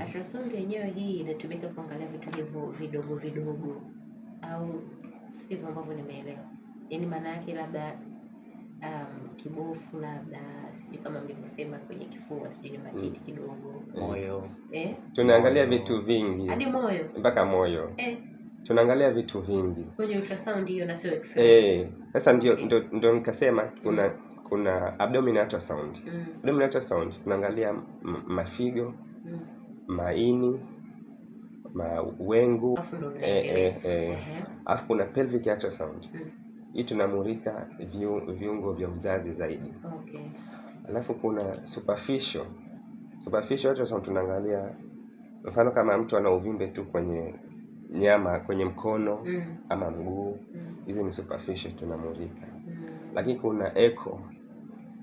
Ultrasound yenyewe hii inatumika kuangalia vitu hivyo vidogo vidogo, au sivyo ambavyo nimeelewa. Yaani maana yake labda um, kibofu labda, sijui kama mlivyosema kwenye kifua, sijui ni matiti mm. kidogo, moyo eh, tunaangalia vitu vingi, hadi moyo, mpaka moyo eh tunaangalia vitu vingi kwenye ultrasound hiyo na sio x-ray. Eh, sasa ndio okay. Eh. Ndo, ndo nikasema kuna mm. kuna abdominal ultrasound mm. Abdominal ultrasound tunaangalia mafigo maini mawengu eh, eh, eh. alafu kuna pelvic ultrasound hmm. hii tunamurika viungo vya uzazi zaidi okay. Alafu kuna superficial superficial ultrasound tunaangalia mfano kama mtu ana uvimbe tu kwenye nyama kwenye mkono mm. ama mguu hmm. hizi mm. ni superficial tunamurika mm. Lakini kuna echo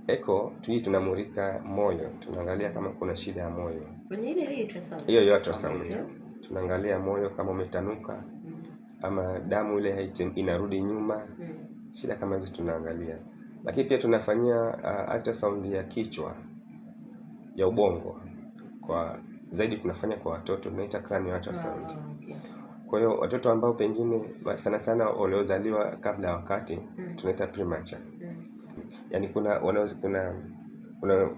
echo tu tunamurika moyo, tunaangalia kama kuna shida ya moyo kwenye hiyo hiyo ultrasound tunaangalia moyo kama umetanuka mm. ama damu ile inarudi nyuma mm. shida kama hizo tunaangalia, lakini pia tunafanyia uh, ultrasound ya kichwa ya ubongo kwa zaidi tunafanya kwa watoto, tunaita ah, ultrasound wow. Kwa hiyo watoto ambao pengine sana sana waliozaliwa kabla ya wakati mm. tunaita premature mm yani kuna wanaweza kuna kuna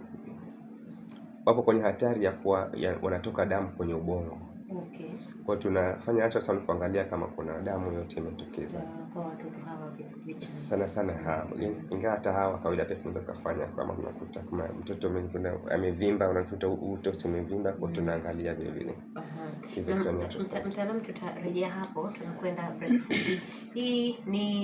wapo kwenye hatari ya kuwa ya, wanatoka damu kwenye ubongo. Okay. Kwa tunafanya ultrasound kuangalia kama kuna damu yote imetokeza. Ah, sana sana ha, Ingawa hata hawa kawaida pia tunaweza kufanya kama unakuta kama mtoto mwingine amevimba unakuta uto umevimba kwa mm-hmm. tunaangalia vile vile. Uh-huh. Mtaalamu tutarejea hapo tunakwenda break. Hii ni